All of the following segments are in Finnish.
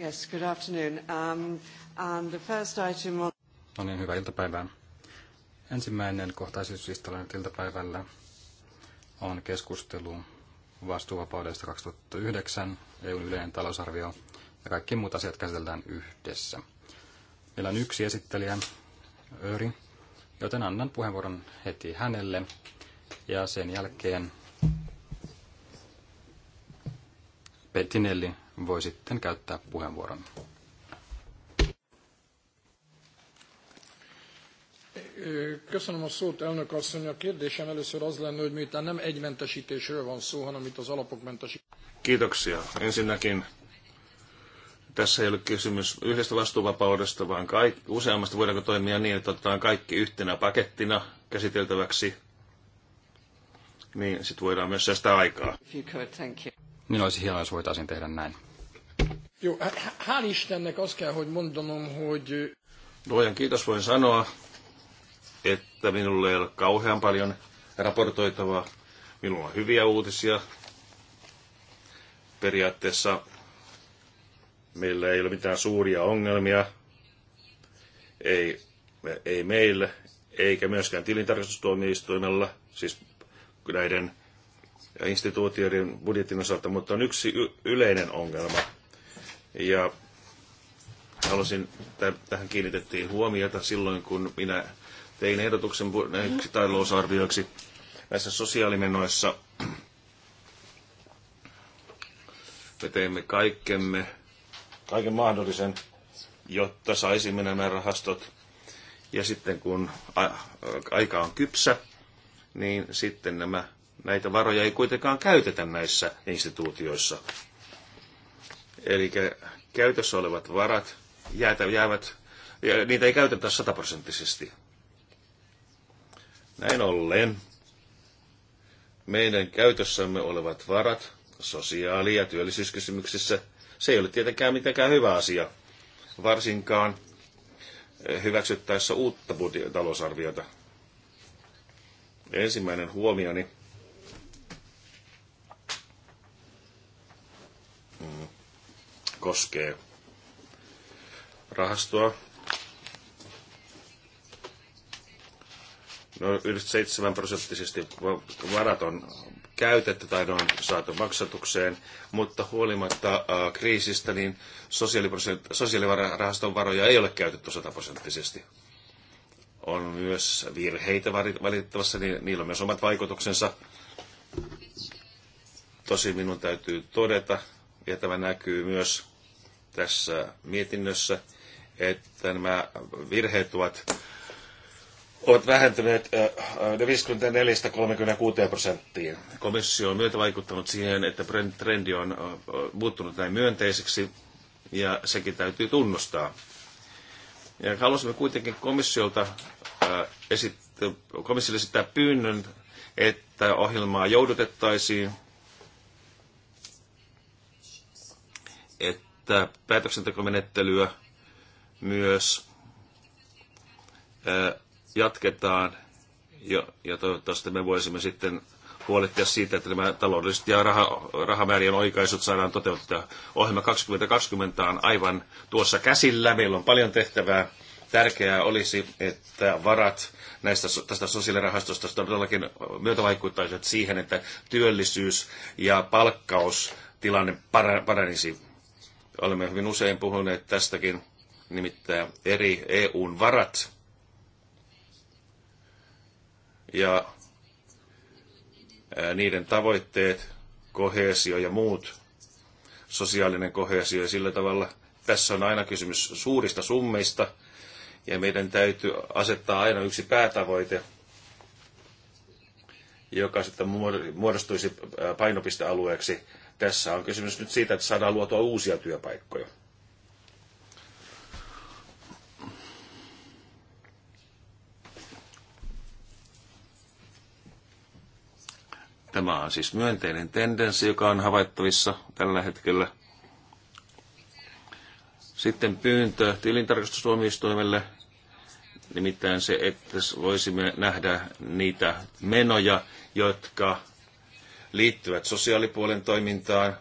Yes, good afternoon. Um, the first item on... No niin, hyvää iltapäivää. Ensimmäinen kohtaisuuslistalla iltapäivällä on keskustelu vastuuvapaudesta 2009, EUn yleinen talousarvio ja kaikki muut asiat käsitellään yhdessä. Meillä on yksi esittelijä, Öri, joten annan puheenvuoron heti hänelle ja sen jälkeen petinelli voi sitten käyttää puheenvuoron. Köszönöm a szót, elnök asszony. A kérdésem először az lenne, hogy miután nem egy mentesítésről van szó, hanem itt az alapok mentesítésről. Kiitoksia. Ensinnäkin tässä ei ole kysymys yhdestä vastuuvapaudesta, vaan kaik, useammasta voidaanko toimia niin, että otetaan kaikki yhtenä pakettina käsiteltäväksi, niin sitten voidaan myös säästää aikaa. If you could, thank you niin olisi hienoa, jos voitaisiin tehdä näin. Joo, hál' Istennek azt kell, hogy mondanom, hogy... No, Luojan kiitos voin sanoa, että minulle ei ole kauhean paljon raportoitavaa. Minulla on hyviä uutisia. Periaatteessa meillä ei ole mitään suuria ongelmia. Ei, ei meille, eikä myöskään tilintarkastustuomioistuimella, siis näiden instituutioiden budjetin osalta, mutta on yksi yleinen ongelma. Ja halusin, tähän kiinnitettiin huomiota silloin, kun minä tein ehdotuksen talousarvioiksi näissä sosiaalimenoissa. Me teemme kaikkemme, kaiken mahdollisen, jotta saisimme nämä rahastot. Ja sitten kun aika on kypsä, niin sitten nämä Näitä varoja ei kuitenkaan käytetä näissä instituutioissa. Eli käytössä olevat varat jäätä, jäävät, niitä ei käytetä sataprosenttisesti. Näin ollen meidän käytössämme olevat varat sosiaali- ja työllisyyskysymyksissä, se ei ole tietenkään mitenkään hyvä asia, varsinkaan eh, hyväksyttäessä uutta talousarviota. Ensimmäinen huomioni koskee rahastoa. Noin 7 prosenttisesti varat on käytetty tai ne on saatu maksatukseen, mutta huolimatta äh, kriisistä, niin sosiaalivarahaston varoja ei ole käytetty sataprosenttisesti. On myös virheitä valitettavassa, niin niillä on myös omat vaikutuksensa. Tosi minun täytyy todeta, ja tämä näkyy myös tässä mietinnössä, että nämä virheet ovat, ovat vähentyneet 54-36 prosenttiin. Komissio on myötä vaikuttanut siihen, että trendi on muuttunut näin myönteiseksi, ja sekin täytyy tunnustaa. Ja halusimme kuitenkin komissiolta esittää, komissiolle esittää pyynnön, että ohjelmaa joudutettaisiin käyttää päätöksentekomenettelyä myös jatketaan ja, ja toivottavasti me voisimme sitten huolehtia siitä, että nämä taloudelliset ja raha, rahamäärien oikaisut saadaan toteuttaa. Ohjelma 2020 on aivan tuossa käsillä. Meillä on paljon tehtävää. Tärkeää olisi, että varat näistä, tästä sosiaalirahastosta todellakin myötävaikuttaisivat siihen, että työllisyys ja palkkaustilanne paranisi Olemme hyvin usein puhuneet tästäkin, nimittäin eri EUn varat. Ja niiden tavoitteet, kohesio ja muut, sosiaalinen kohesio ja sillä tavalla. Tässä on aina kysymys suurista summeista ja meidän täytyy asettaa aina yksi päätavoite, joka sitten muodostuisi painopistealueeksi tässä on kysymys nyt siitä, että saadaan luotua uusia työpaikkoja. Tämä on siis myönteinen tendenssi, joka on havaittavissa tällä hetkellä. Sitten pyyntö tilintarkastustuomioistuimelle, nimittäin se, että voisimme nähdä niitä menoja, jotka liittyvät sosiaalipuolen toimintaan.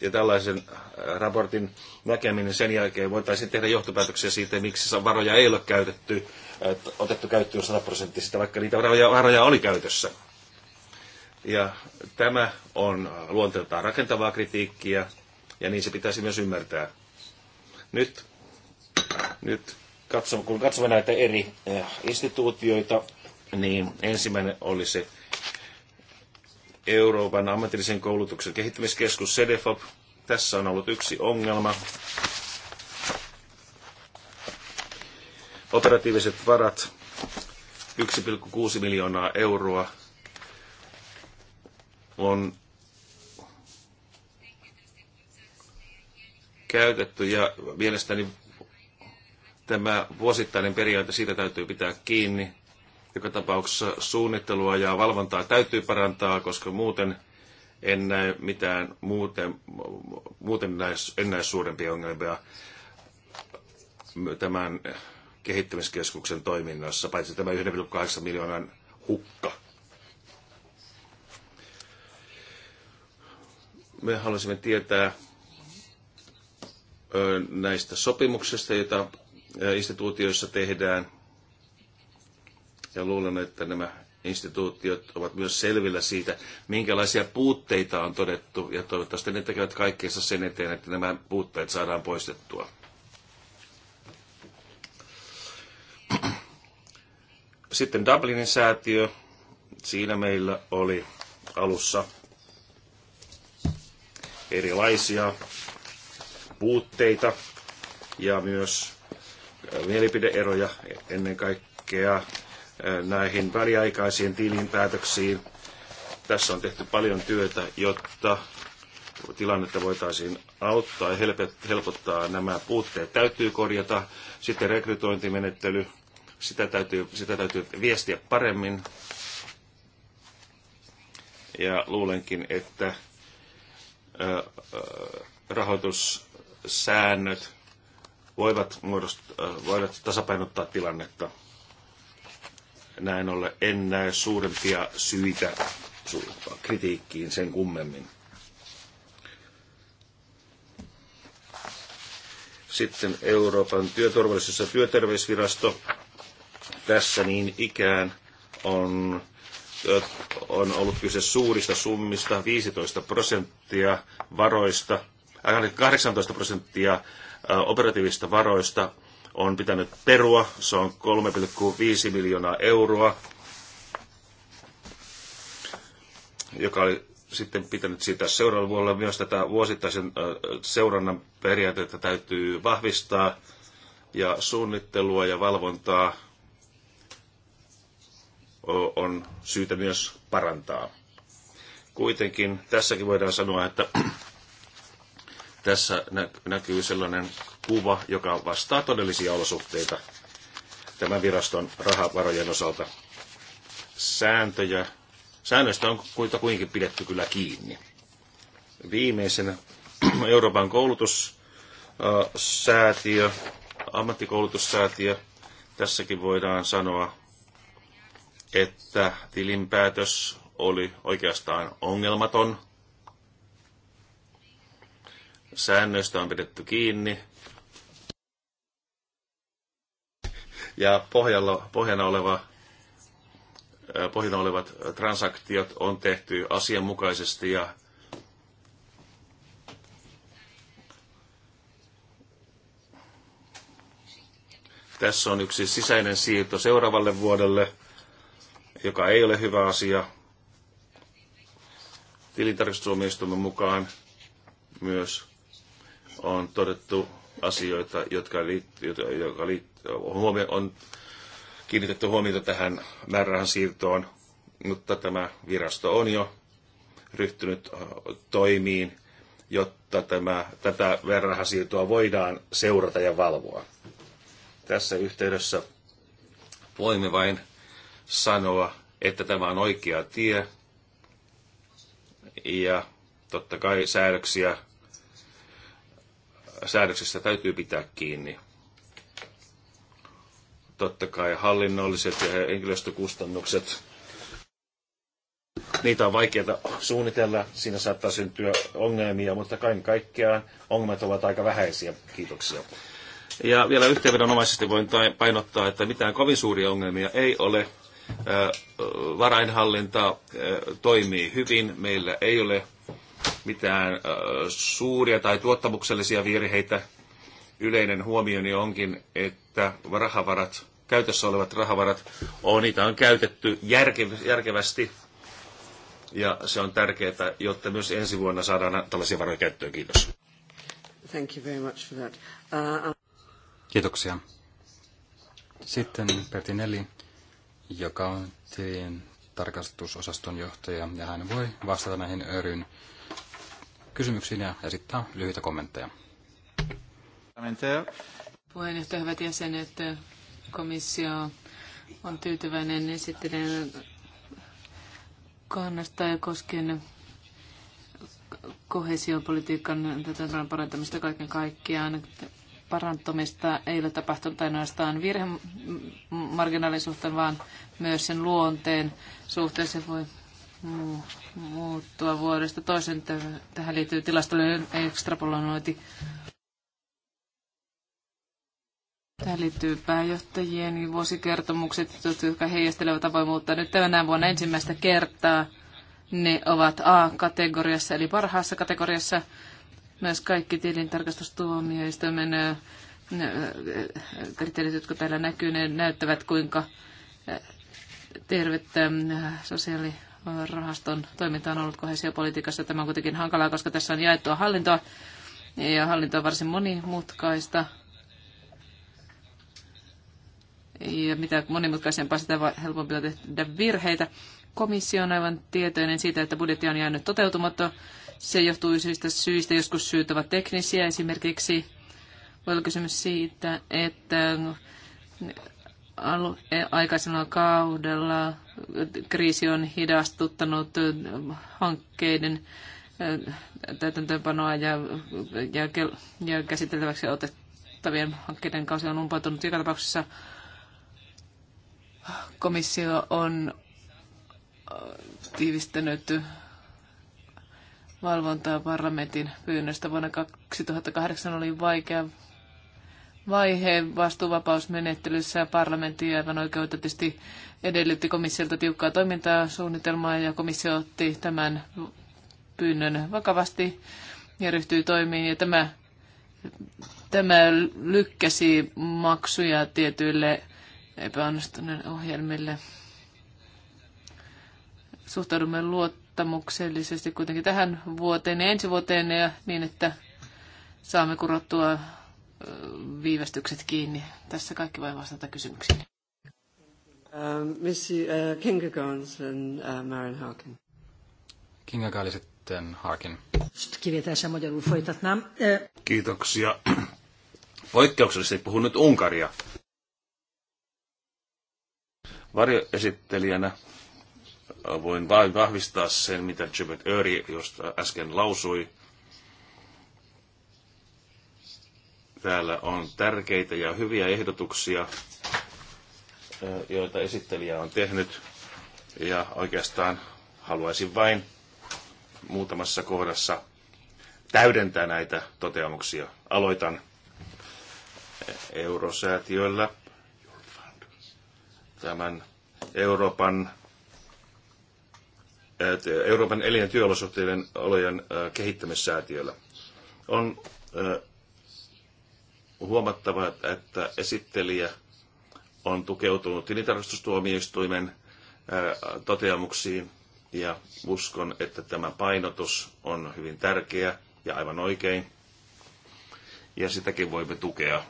Ja tällaisen äh, raportin näkeminen sen jälkeen voitaisiin tehdä johtopäätöksiä siitä, miksi varoja ei ole käytetty, äh, otettu käyttöön 100 prosenttista, vaikka niitä varoja, varoja oli käytössä. Ja tämä on luonteeltaan rakentavaa kritiikkiä, ja niin se pitäisi myös ymmärtää. Nyt, nyt katsomme, kun katsomme näitä eri äh, instituutioita, niin ensimmäinen oli se Euroopan ammatillisen koulutuksen kehittämiskeskus CDFOP. Tässä on ollut yksi ongelma. Operatiiviset varat 1,6 miljoonaa euroa on käytetty ja mielestäni tämä vuosittainen periaate, siitä täytyy pitää kiinni. Joka tapauksessa suunnittelua ja valvontaa täytyy parantaa, koska muuten en näe mitään muuten, muuten näe, en näe suurempia ongelmia tämän kehittämiskeskuksen toiminnassa, paitsi tämä 1,8 miljoonan hukka. Me haluaisimme tietää näistä sopimuksista, joita instituutioissa tehdään – ja luulen, että nämä instituutiot ovat myös selvillä siitä, minkälaisia puutteita on todettu, ja toivottavasti ne tekevät kaikkeensa sen eteen, että nämä puutteet saadaan poistettua. Sitten Dublinin säätiö, siinä meillä oli alussa erilaisia puutteita ja myös mielipideeroja ennen kaikkea Eh, näihin väliaikaisiin tilinpäätöksiin. Tässä on tehty paljon työtä, jotta tilannetta voitaisiin auttaa ja helpottaa. Nämä puutteet täytyy korjata. Sitten rekrytointimenettely, sitä täytyy, sitä täytyy viestiä paremmin. Ja luulenkin, että rahoitussäännöt voivat, voivat tasapainottaa tilannetta näin ollen en näe suurempia syitä kritiikkiin sen kummemmin. Sitten Euroopan työturvallisuus- ja työterveysvirasto. Tässä niin ikään on, on ollut kyse suurista summista, 15 prosenttia varoista, 18 äh, prosenttia operatiivista varoista on pitänyt perua. Se on 3,5 miljoonaa euroa, joka oli sitten pitänyt sitä seuraavalla vuodella. Myös tätä vuosittaisen seurannan periaatetta täytyy vahvistaa ja suunnittelua ja valvontaa on syytä myös parantaa. Kuitenkin tässäkin voidaan sanoa, että tässä näkyy sellainen kuva, joka vastaa todellisia olosuhteita tämän viraston rahavarojen osalta. Sääntöjä, säännöistä on kuitenkin pidetty kyllä kiinni. Viimeisenä Euroopan koulutussäätiö, ammattikoulutussäätiö. Tässäkin voidaan sanoa, että tilinpäätös oli oikeastaan ongelmaton – Säännöistä on pidetty kiinni. Ja pohjalla, pohjana, oleva, äh, pohjana olevat transaktiot on tehty asianmukaisesti ja Tässä on yksi sisäinen siirto seuraavalle vuodelle, joka ei ole hyvä asia. Tilintarkastusomistumme mukaan myös on todettu asioita, jotka liittyy, joka liittyy, huomio, on kiinnitetty huomiota tähän määrärahan siirtoon, mutta tämä virasto on jo ryhtynyt toimiin, jotta tämä, tätä määrärahan siirtoa voidaan seurata ja valvoa. Tässä yhteydessä voimme vain sanoa, että tämä on oikea tie ja totta kai säädöksiä säädöksistä täytyy pitää kiinni. Totta kai hallinnolliset ja henkilöstökustannukset, niitä on vaikeaa suunnitella, siinä saattaa syntyä ongelmia, mutta kaiken kaikkiaan ongelmat ovat aika vähäisiä. Kiitoksia. Ja vielä yhteenvedonomaisesti voin painottaa, että mitään kovin suuria ongelmia ei ole. Varainhallinta toimii hyvin, meillä ei ole mitään suuria tai tuottamuksellisia virheitä. Yleinen huomioni onkin, että rahavarat, käytössä olevat rahavarat, on, niitä on käytetty järkevästi ja se on tärkeää, jotta myös ensi vuonna saadaan tällaisia varoja käyttöön. Kiitos. Thank you very much for that. Uh, um- Kiitoksia. Sitten Pertinelli, joka on tilin tarkastusosaston johtaja, ja hän voi vastata näihin öryn kysymyksiin ja esittää lyhyitä kommentteja. Puheenjohtaja, hyvät jäsenet, komissio on tyytyväinen esittelen kannasta ja koskien kohesiopolitiikan parantamista kaiken kaikkiaan. Parantumista ei ole tapahtunut ainoastaan virhemarginaalin vaan myös sen luonteen suhteessa voi muuttua vuodesta toisen. Tähän liittyy tilastollinen ekstrapolonointi. Tähän liittyy pääjohtajien vuosikertomukset, jotka heijastelevat avoimuutta. Nyt tänä vuonna ensimmäistä kertaa ne ovat A-kategoriassa, eli parhaassa kategoriassa. Myös kaikki tilintarkastustuomioistuimen kriteerit, jotka täällä näkyy, ne näyttävät kuinka tervettä sosiaali- rahaston toiminta on ollut kohesiopolitiikassa. Tämä on kuitenkin hankalaa, koska tässä on jaettua hallintoa ja hallinto on varsin monimutkaista. Ja mitä monimutkaisempaa, sitä helpompi on tehdä virheitä. Komissio on aivan tietoinen siitä, että budjetti on jäänyt toteutumatta. Se johtuu syistä syistä, joskus syyt ovat teknisiä. Esimerkiksi voi olla kysymys siitä, että E, aikaisella kaudella kriisi on hidastuttanut hankkeiden täytäntöönpanoa ja, ja, ja käsiteltäväksi otettavien hankkeiden kausi on umpautunut. Joka tapauksessa komissio on tiivistänyt valvontaa parlamentin pyynnöstä. Vuonna 2008 oli vaikea vaihe vastuuvapausmenettelyssä parlamentti aivan oikeutetusti edellytti komissiolta tiukkaa toimintaa suunnitelmaa ja komissio otti tämän pyynnön vakavasti ja ryhtyi toimiin. Ja tämä, tämä lykkäsi maksuja tietyille epäonnistuneen ohjelmille. Suhtaudumme luottamuksellisesti kuitenkin tähän vuoteen ja ensi vuoteen ja niin, että saamme kurottua viivästykset kiinni. Tässä kaikki voi vastata kysymyksiin. Um, ähm, Missy uh, äh, Kinga Gons and uh, Maren Harkin. Kinga Gaali sitten Harkin. Kiitoksia. Poikkeuksellisesti puhun nyt Unkaria. Varjoesittelijänä voin vain vahvistaa sen, mitä Jebet Öri josta äsken lausui. Täällä on tärkeitä ja hyviä ehdotuksia, joita esittelijä on tehnyt. Ja oikeastaan haluaisin vain muutamassa kohdassa täydentää näitä toteamuksia. Aloitan eurosäätiöllä tämän Euroopan Euroopan elin- ja työolosuhteiden olojen kehittämissäätiöllä. On huomattava, että esittelijä on tukeutunut tilintarkastustuomioistuimen äh, toteamuksiin ja uskon, että tämä painotus on hyvin tärkeä ja aivan oikein. Ja sitäkin voimme tukea.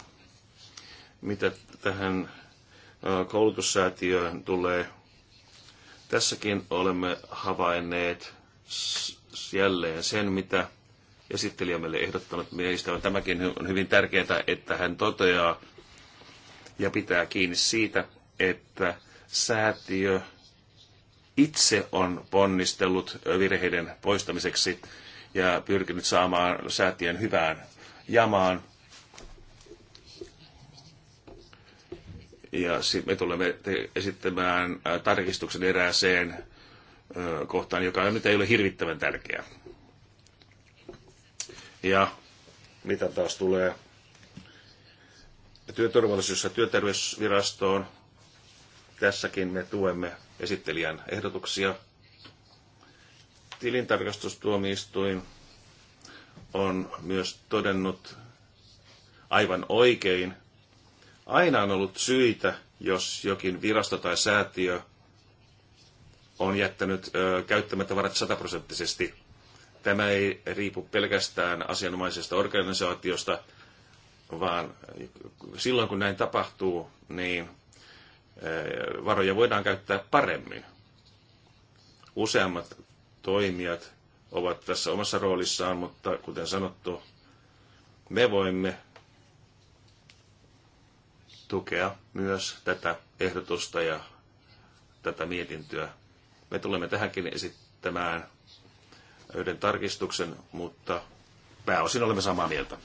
Mitä tähän äh, koulutussäätiöön tulee, tässäkin olemme havainneet jälleen sen, mitä esittelijä meille ehdottanut. Meistä on tämäkin on hyvin tärkeää, että hän toteaa ja pitää kiinni siitä, että säätiö itse on ponnistellut virheiden poistamiseksi ja pyrkinyt saamaan säätiön hyvään jamaan. Ja me tulemme esittämään äh, tarkistuksen erääseen äh, kohtaan, joka nyt ei ole hirvittävän tärkeä. Ja mitä taas tulee työturvallisuus- ja työterveysvirastoon, tässäkin me tuemme esittelijän ehdotuksia. Tilintarkastustuomioistuin on myös todennut aivan oikein, aina on ollut syitä, jos jokin virasto tai säätiö on jättänyt ö, käyttämättä varat sataprosenttisesti. Tämä ei riipu pelkästään asianomaisesta organisaatiosta, vaan silloin kun näin tapahtuu, niin eh, varoja voidaan käyttää paremmin. Useammat toimijat ovat tässä omassa roolissaan, mutta kuten sanottu, me voimme tukea myös tätä ehdotusta ja tätä mietintöä. Me tulemme tähänkin esittämään yhden tarkistuksen, mutta pääosin olemme samaa mieltä.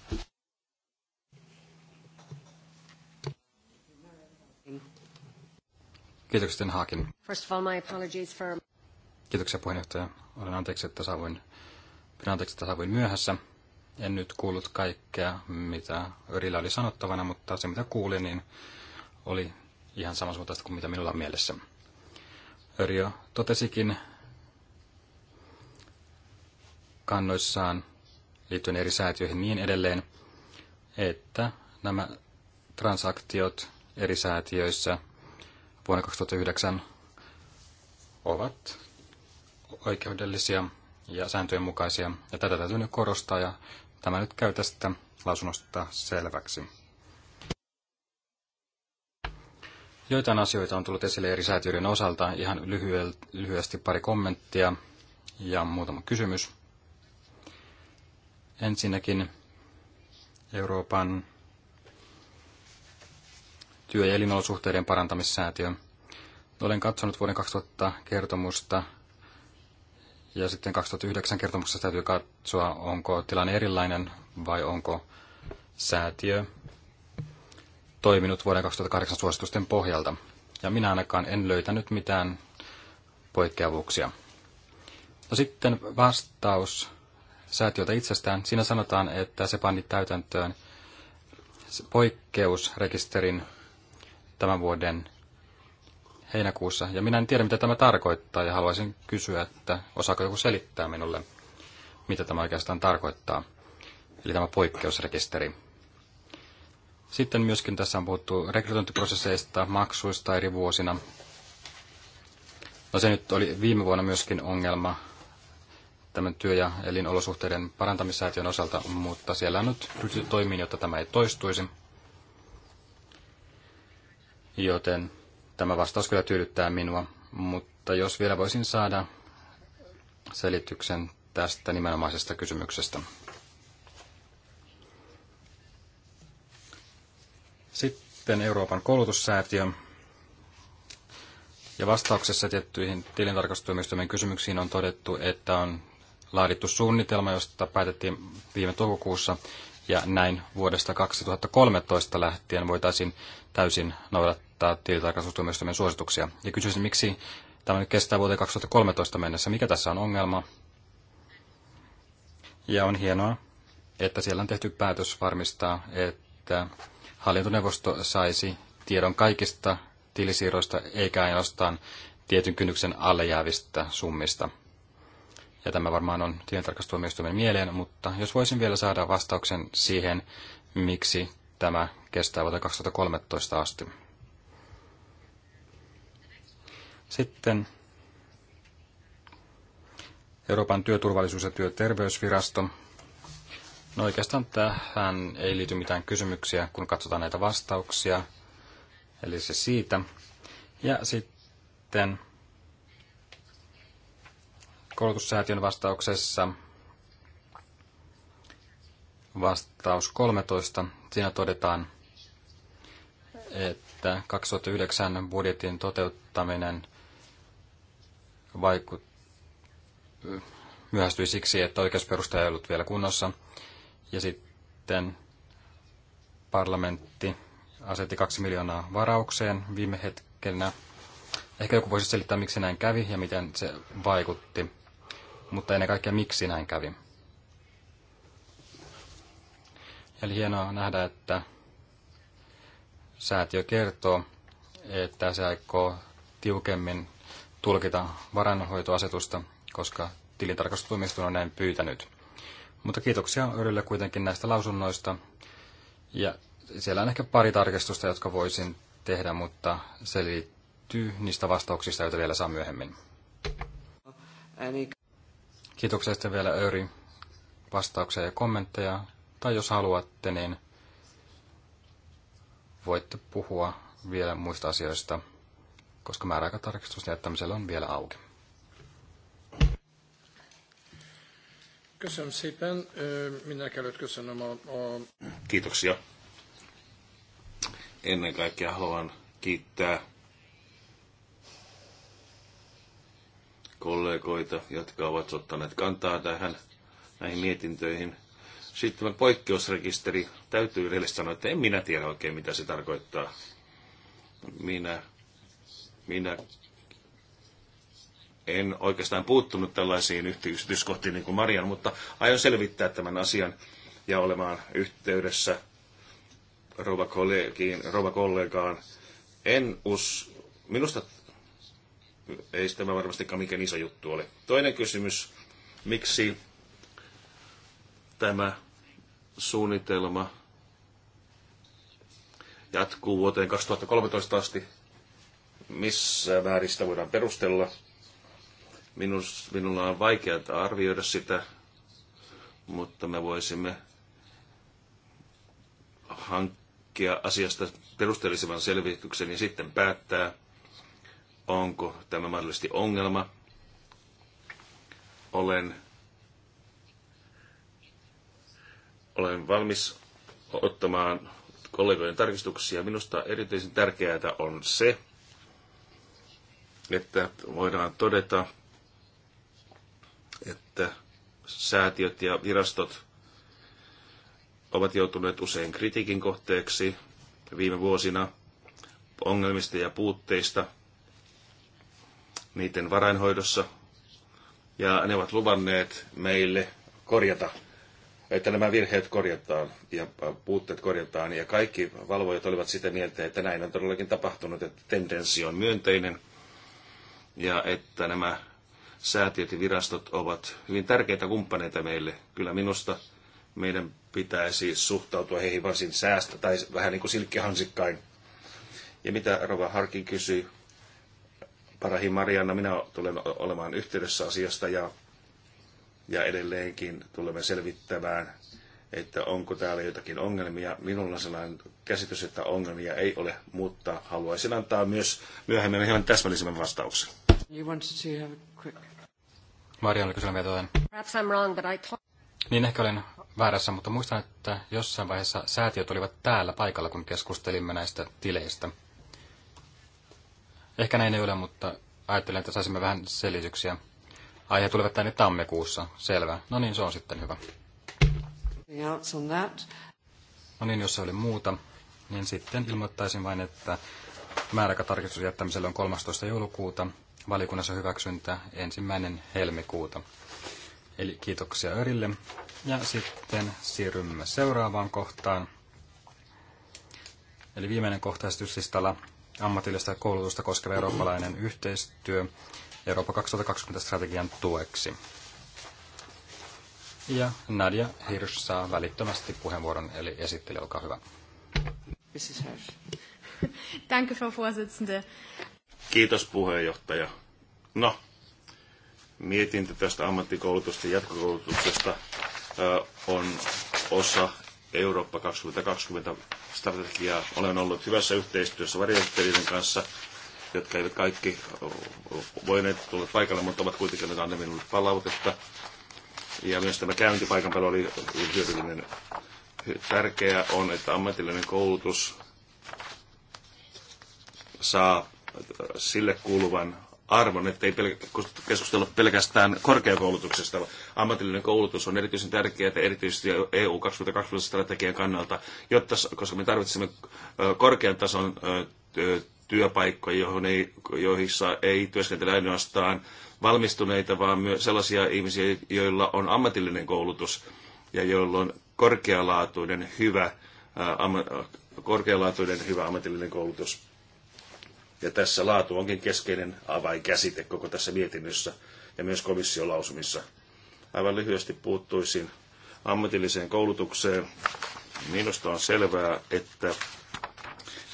Kiitoksia, Haakin. First of all, my apologies for... Kiitoksia puheenjohtaja. Olen anteeksi, että saavuin, Pidän anteeksi, että saavuin myöhässä. En nyt kuullut kaikkea, mitä Örillä oli sanottavana, mutta se mitä kuulin, niin oli ihan samansuuntaista kuin mitä minulla on mielessä. Örjö totesikin kannoissaan liittyen eri säätiöihin niin edelleen, että nämä transaktiot eri säätiöissä vuonna 2009 ovat oikeudellisia ja sääntöjen mukaisia. Ja tätä täytyy nyt korostaa ja tämä nyt käy tästä lausunnosta selväksi. Joitain asioita on tullut esille eri säätiöiden osalta. Ihan lyhyesti pari kommenttia ja muutama kysymys. Ensinnäkin Euroopan työ- ja elinolosuhteiden parantamissäätiö. Olen katsonut vuoden 2000 kertomusta ja sitten 2009 kertomuksessa täytyy katsoa, onko tilanne erilainen vai onko säätiö toiminut vuoden 2008 suositusten pohjalta. Ja minä ainakaan en löytänyt mitään poikkeavuuksia. No sitten vastaus säätiötä itsestään. Siinä sanotaan, että se panni täytäntöön poikkeusrekisterin tämän vuoden heinäkuussa. Ja minä en tiedä, mitä tämä tarkoittaa, ja haluaisin kysyä, että osaako joku selittää minulle, mitä tämä oikeastaan tarkoittaa. Eli tämä poikkeusrekisteri. Sitten myöskin tässä on puhuttu rekrytointiprosesseista, maksuista eri vuosina. No se nyt oli viime vuonna myöskin ongelma, tämän työ- ja elinolosuhteiden parantamissäätiön osalta, mutta siellä on nyt ryhty toimiin, jotta tämä ei toistuisi. Joten tämä vastaus kyllä tyydyttää minua, mutta jos vielä voisin saada selityksen tästä nimenomaisesta kysymyksestä. Sitten Euroopan koulutussäätiö. Ja vastauksessa tiettyihin tilintarkastustuomioistuimen kysymyksiin on todettu, että on laadittu suunnitelma, josta päätettiin viime toukokuussa, ja näin vuodesta 2013 lähtien voitaisiin täysin noudattaa tilitarkastustuomioistuimen suosituksia. Ja kysyisin, miksi tämä nyt kestää vuoteen 2013 mennessä, mikä tässä on ongelma? Ja on hienoa, että siellä on tehty päätös varmistaa, että hallintoneuvosto saisi tiedon kaikista tilisiirroista eikä ainoastaan tietyn kynnyksen alle jäävistä summista ja tämä varmaan on tilintarkastustuomioistuimen mieleen, mutta jos voisin vielä saada vastauksen siihen, miksi tämä kestää vuoteen 2013 asti. Sitten Euroopan työturvallisuus- ja työterveysvirasto. No oikeastaan tähän ei liity mitään kysymyksiä, kun katsotaan näitä vastauksia. Eli se siitä. Ja sitten koulutussäätiön vastauksessa vastaus 13. Siinä todetaan, että 2009 budjetin toteuttaminen vaikut... myöhästyi siksi, että oikeusperusta ei ollut vielä kunnossa. Ja sitten parlamentti asetti kaksi miljoonaa varaukseen viime hetkenä. Ehkä joku voisi selittää, miksi näin kävi ja miten se vaikutti mutta ennen kaikkea miksi näin kävi. Eli hienoa nähdä, että säätiö kertoo, että se aikoo tiukemmin tulkita varainhoitoasetusta, koska tilintarkastustuomioistuin on näin pyytänyt. Mutta kiitoksia Örille kuitenkin näistä lausunnoista. Ja siellä on ehkä pari tarkistusta, jotka voisin tehdä, mutta se liittyy niistä vastauksista, joita vielä saa myöhemmin. Kiitoksia sitten vielä Öri vastauksia ja kommentteja, tai jos haluatte, niin voitte puhua vielä muista asioista, koska määräaikatarkistus jättämisellä on vielä auki. Köszönöm Kiitoksia. Ennen kaikkea haluan kiittää kollegoita, jotka ovat ottaneet kantaa tähän, näihin mietintöihin. Sitten tämä poikkeusrekisteri, täytyy rehellisesti sanoa, että en minä tiedä oikein, mitä se tarkoittaa. Minä, minä en oikeastaan puuttunut tällaisiin yksityiskohtiin niin kuin Marian, mutta aion selvittää tämän asian ja olemaan yhteydessä rouva kollegaan. En us, minusta ei tämä varmastikaan mikään iso juttu ole. Toinen kysymys, miksi tämä suunnitelma jatkuu vuoteen 2013 asti, missä määrin sitä voidaan perustella. Minus, minulla on vaikeaa arvioida sitä, mutta me voisimme hankkia asiasta perusteellisemman selvityksen ja sitten päättää – onko tämä mahdollisesti ongelma. Olen, olen valmis ottamaan kollegojen tarkistuksia. Minusta erityisen tärkeää on se, että voidaan todeta, että säätiöt ja virastot ovat joutuneet usein kritiikin kohteeksi viime vuosina ongelmista ja puutteista – niiden varainhoidossa. Ja ne ovat luvanneet meille korjata, että nämä virheet korjataan ja äh, puutteet korjataan. Ja kaikki valvojat olivat sitä mieltä, että näin on todellakin tapahtunut, että tendenssi on myönteinen ja että nämä säätiöt ja virastot ovat hyvin tärkeitä kumppaneita meille. Kyllä minusta meidän pitäisi suhtautua heihin varsin säästä tai vähän niin kuin silkkihansikkain. Ja mitä Rova Harkin kysyi, Parahi Marianna, minä tulen olemaan yhteydessä asiasta ja, ja edelleenkin tulemme selvittämään, että onko täällä jotakin ongelmia. Minulla on sellainen käsitys, että ongelmia ei ole, mutta haluaisin antaa myös myöhemmin ihan täsmällisemmän vastauksen. Marianna Marianne, kysyn vielä jotain. Niin ehkä olen väärässä, mutta muistan, että jossain vaiheessa säätiöt olivat täällä paikalla, kun keskustelimme näistä tileistä. Ehkä näin ei ole, mutta ajattelen, että saisimme vähän selityksiä. Aihe tulevat tänne tammikuussa, selvä. No niin, se on sitten hyvä. No niin, jos se oli muuta, niin sitten ilmoittaisin vain, että määräkatarkistus jättämiselle on 13. joulukuuta, valikunnassa hyväksyntä ensimmäinen helmikuuta. Eli kiitoksia Örille. Ja sitten siirrymme seuraavaan kohtaan. Eli viimeinen kohtaistus listalla ammatillista koulutusta koskeva eurooppalainen yhteistyö Eurooppa 2020-strategian tueksi. Ja Nadia Hirsch saa välittömästi puheenvuoron, eli esittely, olkaa hyvä. Danke, Frau Vorsitzende. Kiitos puheenjohtaja. No, mietintö tästä ammattikoulutusta ja jatkokoulutuksesta on osa Eurooppa 2020 strategiaa. Olen ollut hyvässä yhteistyössä varjoesittelijöiden kanssa, jotka eivät kaikki voineet tulla paikalle, mutta ovat kuitenkin antaneet minulle palautetta. Ja myös tämä käynti paikan päällä oli hyödyllinen. Tärkeää on, että ammatillinen koulutus saa sille kuuluvan arvon, ettei pelk- keskustella pelkästään korkeakoulutuksesta. Ammatillinen koulutus on erityisen tärkeää erityisesti EU 2020-strategian kannalta, jotta, koska me tarvitsemme korkean tason työpaikkoja, johon ei, joissa ei työskentele ainoastaan valmistuneita, vaan myös sellaisia ihmisiä, joilla on ammatillinen koulutus ja joilla on korkealaatuinen hyvä, amma, korkealaatuinen hyvä ammatillinen koulutus ja tässä laatu onkin keskeinen avainkäsite koko tässä mietinnössä ja myös komission lausumissa. Aivan lyhyesti puuttuisin ammatilliseen koulutukseen. Minusta on selvää, että,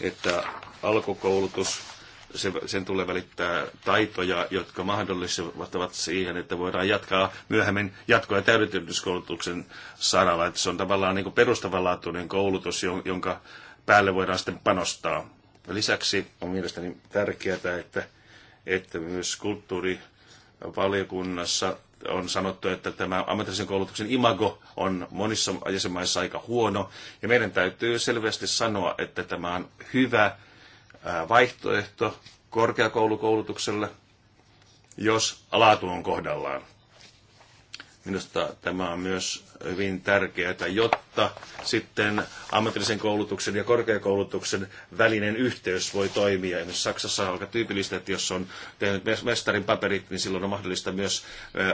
että alkukoulutus, sen tulee välittää taitoja, jotka mahdollistavat siihen, että voidaan jatkaa myöhemmin jatko- ja täydentyskoulutuksen saralla. Että se on tavallaan niin perustavanlaatuinen koulutus, jonka päälle voidaan sitten panostaa Lisäksi on mielestäni tärkeää, että, että myös kulttuurivaliokunnassa on sanottu, että tämä ammatillisen koulutuksen imago on monissa jäsenmaissa aika huono. Ja meidän täytyy selvästi sanoa, että tämä on hyvä vaihtoehto korkeakoulukoulutukselle, jos laatu on kohdallaan. Minusta tämä on myös hyvin tärkeää, jotta sitten ammatillisen koulutuksen ja korkeakoulutuksen välinen yhteys voi toimia. Ja Saksassa on aika tyypillistä, että jos on tehnyt mestarin paperit, niin silloin on mahdollista myös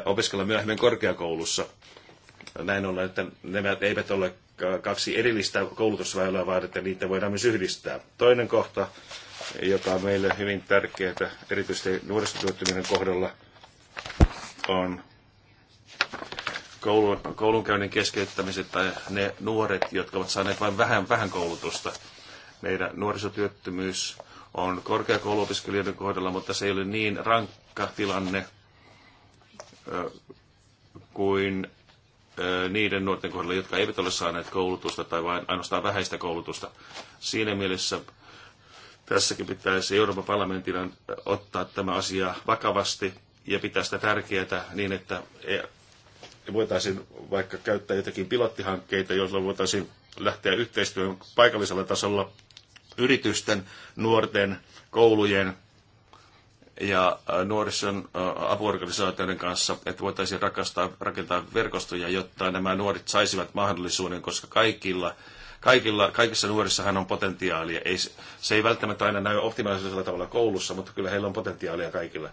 opiskella myöhemmin korkeakoulussa. Näin ollen, että nämä eivät ole kaksi erillistä koulutusväylää, vaan että niitä voidaan myös yhdistää. Toinen kohta, joka on meille hyvin tärkeää, erityisesti nuorisotyöttömyyden kohdalla, on koulun, koulunkäynnin keskeyttämiset tai ne nuoret, jotka ovat saaneet vain vähän, vähän koulutusta. Meidän nuorisotyöttömyys on korkeakouluopiskelijoiden kohdalla, mutta se ei ole niin rankka tilanne kuin niiden nuorten kohdalla, jotka eivät ole saaneet koulutusta tai vain ainoastaan vähäistä koulutusta. Siinä mielessä tässäkin pitäisi Euroopan parlamentin ottaa tämä asia vakavasti ja pitää sitä tärkeää niin, että voitaisiin vaikka käyttää jotakin pilottihankkeita, joilla voitaisiin lähteä yhteistyön paikallisella tasolla yritysten, nuorten, koulujen ja äh, nuorison äh, apuorganisaatioiden kanssa, että voitaisiin rakastaa, rakentaa verkostoja, jotta nämä nuoret saisivat mahdollisuuden, koska kaikilla, kaikilla, kaikissa nuorissahan on potentiaalia. Ei, se ei välttämättä aina näy optimaalisella tavalla koulussa, mutta kyllä heillä on potentiaalia kaikilla.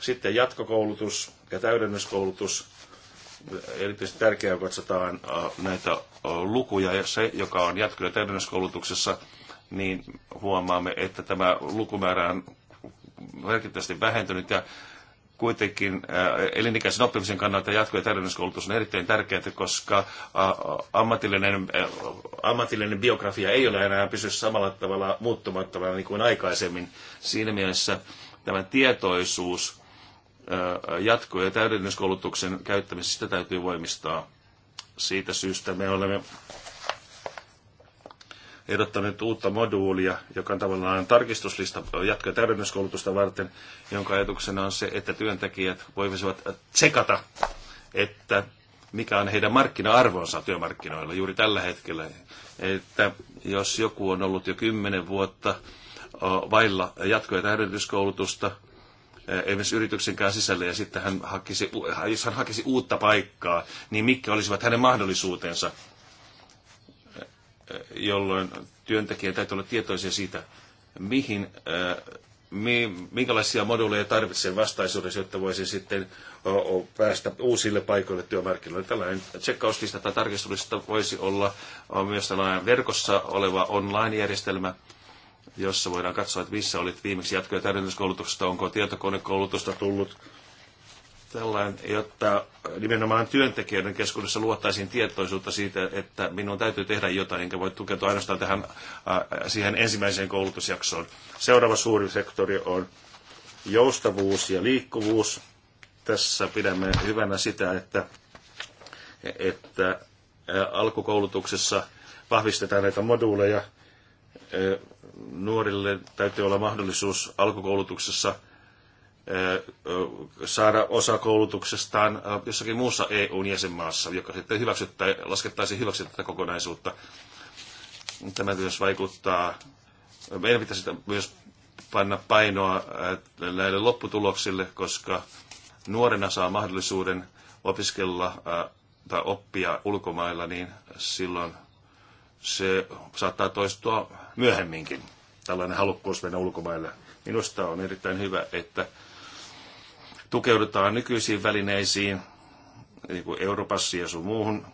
Sitten jatkokoulutus ja täydennyskoulutus erityisesti tärkeää, kun katsotaan äh, näitä äh, lukuja, ja se, joka on jatko- ja täydennyskoulutuksessa, niin huomaamme, että tämä lukumäärä on merkittävästi vähentynyt ja kuitenkin äh, elinikäisen oppimisen kannalta jatko- ja täydennyskoulutus on erittäin tärkeää, koska ammatillinen, ammatillinen biografia ei ole enää pysy samalla tavalla muuttumattomana niin kuin aikaisemmin. Siinä mielessä tämä tietoisuus jatko- ja täydennyskoulutuksen sitä täytyy voimistaa. Siitä syystä me olemme ehdottaneet uutta moduulia, joka on tavallaan tarkistuslista jatko- ja täydennyskoulutusta varten, jonka ajatuksena on se, että työntekijät voisivat tsekata, että mikä on heidän markkina-arvonsa työmarkkinoilla juuri tällä hetkellä. Että jos joku on ollut jo kymmenen vuotta vailla jatko- ja täydennyskoulutusta, esimerkiksi yrityksenkään sisälle ja sitten hän hakisi, jos hän hakisi uutta paikkaa, niin mitkä olisivat hänen mahdollisuutensa, jolloin työntekijä täytyy olla tietoisia siitä, mihin, minkälaisia moduuleja tarvitsee vastaisuudessa, jotta voisi sitten päästä uusille paikoille työmarkkinoille. Tällainen tsekkauslista tai tarkistuslista voisi olla myös tällainen verkossa oleva online-järjestelmä, jossa voidaan katsoa, että missä olit viimeksi jatko- ja täydennyskoulutuksesta, onko tietokonekoulutusta tullut, tällainen, jotta nimenomaan työntekijöiden keskuudessa luottaisiin tietoisuutta siitä, että minun täytyy tehdä jotain, enkä voi tukeutua ainoastaan tähän, siihen ensimmäiseen koulutusjaksoon. Seuraava suuri sektori on joustavuus ja liikkuvuus. Tässä pidämme hyvänä sitä, että, että alkukoulutuksessa vahvistetaan näitä moduuleja – nuorille täytyy olla mahdollisuus alkukoulutuksessa saada osa koulutuksestaan jossakin muussa eu jäsenmaassa, joka sitten laskettaisiin hyväksi tätä kokonaisuutta. Tämä myös vaikuttaa, meidän pitäisi myös panna painoa näille lopputuloksille, koska nuorena saa mahdollisuuden opiskella tai oppia ulkomailla, niin silloin se saattaa toistua myöhemminkin tällainen halukkuus mennä ulkomaille. Minusta on erittäin hyvä, että tukeudutaan nykyisiin välineisiin, niin kuin Europassi ja sun muuhun,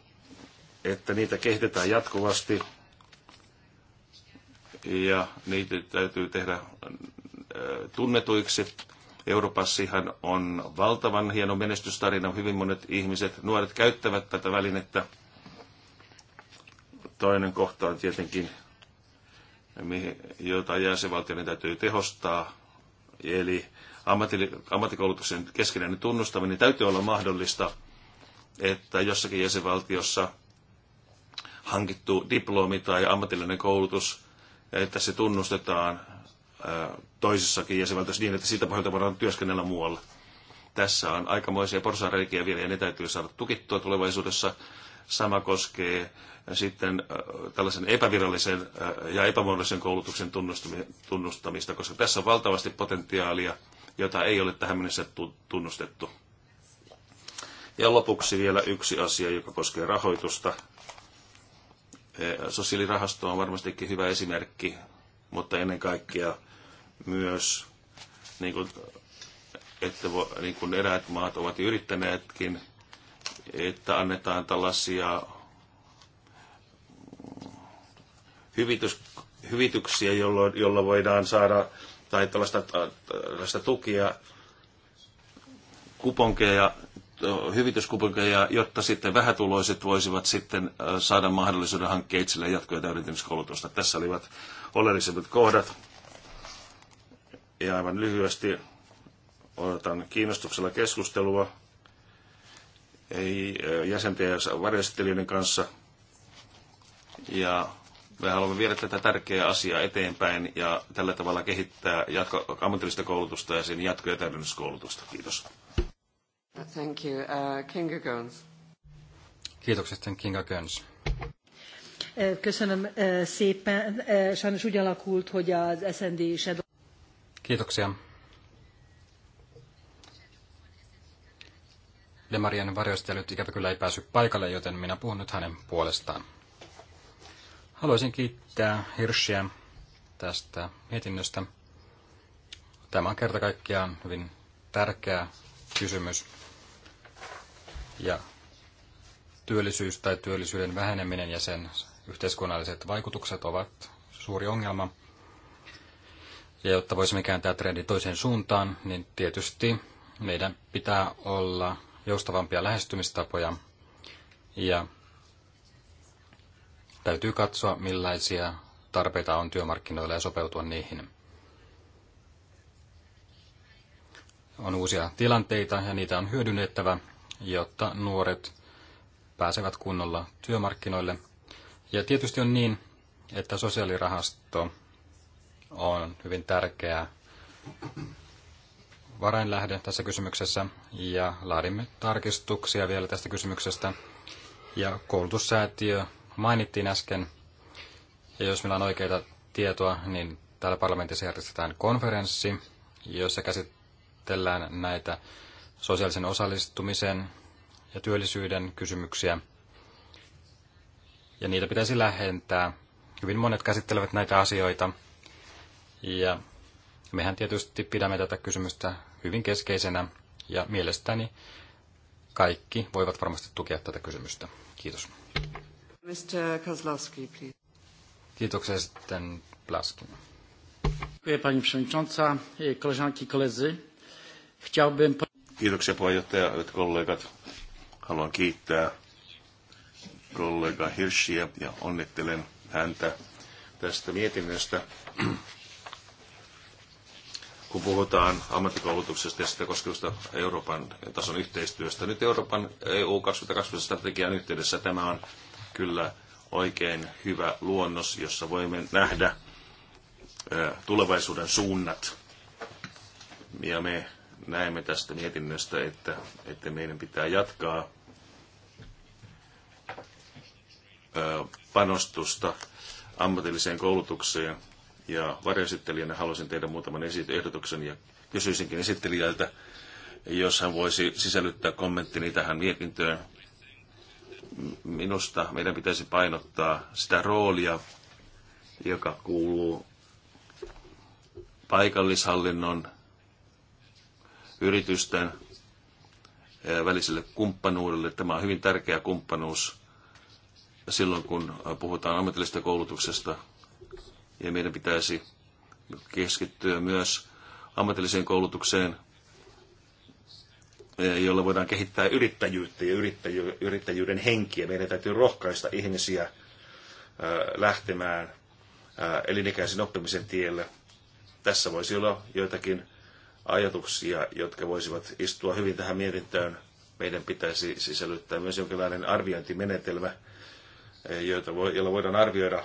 että niitä kehitetään jatkuvasti ja niitä täytyy tehdä äh, tunnetuiksi. Europassihan on valtavan hieno menestystarina. Hyvin monet ihmiset, nuoret käyttävät tätä välinettä. Toinen kohta on tietenkin joita jäsenvaltioiden täytyy tehostaa. Eli ammattikoulutuksen keskinäinen tunnustaminen täytyy olla mahdollista, että jossakin jäsenvaltiossa hankittu diplomi tai ammatillinen koulutus, että se tunnustetaan toisessakin jäsenvaltiossa niin, että siitä pohjalta voidaan työskennellä muualla. Tässä on aikamoisia porsareikiä vielä ja ne täytyy saada tukittua tulevaisuudessa. Sama koskee äh, sitten äh, tällaisen epävirallisen äh, ja epämuodollisen koulutuksen tunnustamista, koska tässä on valtavasti potentiaalia, jota ei ole tähän mennessä tunnustettu. Ja lopuksi vielä yksi asia, joka koskee rahoitusta. Sosiaalirahasto on varmastikin hyvä esimerkki, mutta ennen kaikkea myös, niin kuin, että niin kuin eräät maat ovat yrittäneetkin, että annetaan tällaisia hyvitys, hyvityksiä, jolloin, jolla voidaan saada tai tällaista, äh, tällaista tukia, kuponkeja, äh, hyvityskuponkeja, jotta sitten vähätuloiset voisivat sitten äh, saada mahdollisuuden hankkia itselleen jatko- ja täydentämiskoulutusta. Tässä olivat oleellisimmat kohdat. Ja aivan lyhyesti odotan kiinnostuksella keskustelua ei jäsenten ja varjostelijoiden kanssa. Ja me haluamme viedä tätä tärkeää asiaa eteenpäin ja tällä tavalla kehittää jatko, ammatillista koulutusta ja sen jatko- ja täydennyskoulutusta. Kiitos. Thank you. Uh, Kinga Jones. Kiitokset, Kinga Jones. Köszönöm szépen. Sajnos úgy alakult, hogy az SND is... Kiitoksia. Demarien varjostelut ikävä kyllä ei päässyt paikalle, joten minä puhun nyt hänen puolestaan. Haluaisin kiittää Hirschiä tästä mietinnöstä. Tämä on kerta kaikkiaan hyvin tärkeä kysymys. Ja työllisyys tai työllisyyden väheneminen ja sen yhteiskunnalliset vaikutukset ovat suuri ongelma. Ja jotta voisimme kääntää trendi toiseen suuntaan, niin tietysti meidän pitää olla joustavampia lähestymistapoja ja täytyy katsoa, millaisia tarpeita on työmarkkinoilla ja sopeutua niihin. On uusia tilanteita ja niitä on hyödynnettävä, jotta nuoret pääsevät kunnolla työmarkkinoille. Ja tietysti on niin, että sosiaalirahasto on hyvin tärkeä varainlähde tässä kysymyksessä ja laadimme tarkistuksia vielä tästä kysymyksestä. Ja koulutussäätiö mainittiin äsken. Ja jos meillä on oikeita tietoa, niin täällä parlamentissa järjestetään konferenssi, jossa käsitellään näitä sosiaalisen osallistumisen ja työllisyyden kysymyksiä. Ja niitä pitäisi lähentää. Hyvin monet käsittelevät näitä asioita. Ja Mehän tietysti pidämme tätä kysymystä hyvin keskeisenä ja mielestäni kaikki voivat varmasti tukea tätä kysymystä. Kiitos. Mr. Kozlowski, please. Kiitoksia sitten Blaskin. Pani przewodnicząca, koleżanki koledzy. Chciałbym... Kiitoksia puheenjohtaja, hyvät kollegat. Haluan kiittää kollega Hirschiä ja onnittelen häntä tästä mietinnöstä kun puhutaan ammattikoulutuksesta ja sitä koskevasta Euroopan tason yhteistyöstä. Nyt Euroopan EU 2020-strategian yhteydessä tämä on kyllä oikein hyvä luonnos, jossa voimme nähdä tulevaisuuden suunnat. Ja me näemme tästä mietinnöstä, että, että meidän pitää jatkaa panostusta ammatilliseen koulutukseen – ja varjoesittelijänä haluaisin tehdä muutaman ehdotuksen ja kysyisinkin esittelijältä, jos hän voisi sisällyttää kommenttini tähän mietintöön. Minusta meidän pitäisi painottaa sitä roolia, joka kuuluu paikallishallinnon yritysten väliselle kumppanuudelle. Tämä on hyvin tärkeä kumppanuus silloin, kun puhutaan ammatillisesta koulutuksesta ja meidän pitäisi keskittyä myös ammatilliseen koulutukseen, eh, jolla voidaan kehittää yrittäjyyttä ja yrittäjyyden henkiä. Meidän täytyy rohkaista ihmisiä eh, lähtemään eh, elinikäisen oppimisen tielle. Tässä voisi olla joitakin ajatuksia, jotka voisivat istua hyvin tähän mietintöön. Meidän pitäisi sisällyttää myös jonkinlainen arviointimenetelmä, jolla voidaan arvioida